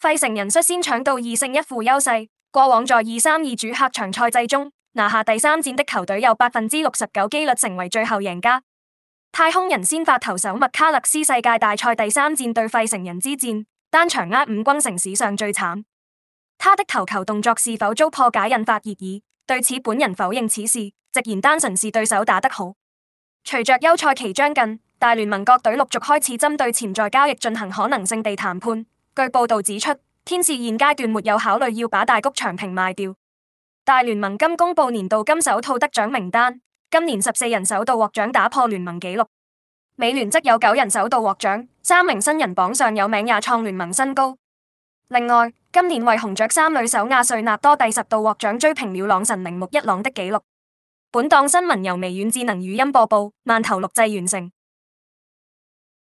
費城人率先搶到二勝一負優勢。過往在二三二主客場賽制中，拿下第三戰的球隊有百分之六十九幾率成為最後贏家。太空人先發投手麥卡勒斯世界大賽第三戰對費城人之戰，單場挨五轟成史上最慘。他的投球動作是否遭破解引發熱議，對此本人否認此事，直言單純是對手打得好。隨着休賽期將近，大聯盟各隊陸續開始針對潛在交易進行可能性地談判。據報道指出，天使現階段沒有考慮要把大谷長平賣掉。大聯盟今公布年度金手套得獎名單，今年十四人首度獲獎打破聯盟紀錄，美聯則有九人首度獲獎，三名新人榜上有名也創聯盟新高。另外，今年為紅雀三壘手亞瑞納多第十度獲獎，追平了朗神鈴木一朗的紀錄。本檔新聞由微軟智能語音播報，萬頭錄製完成。